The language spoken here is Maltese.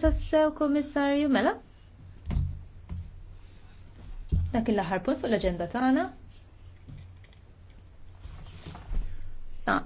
Grazzi tassew, Komissarju, mela? Dak il-laħar punt fuq l-agenda tagħna. Ah,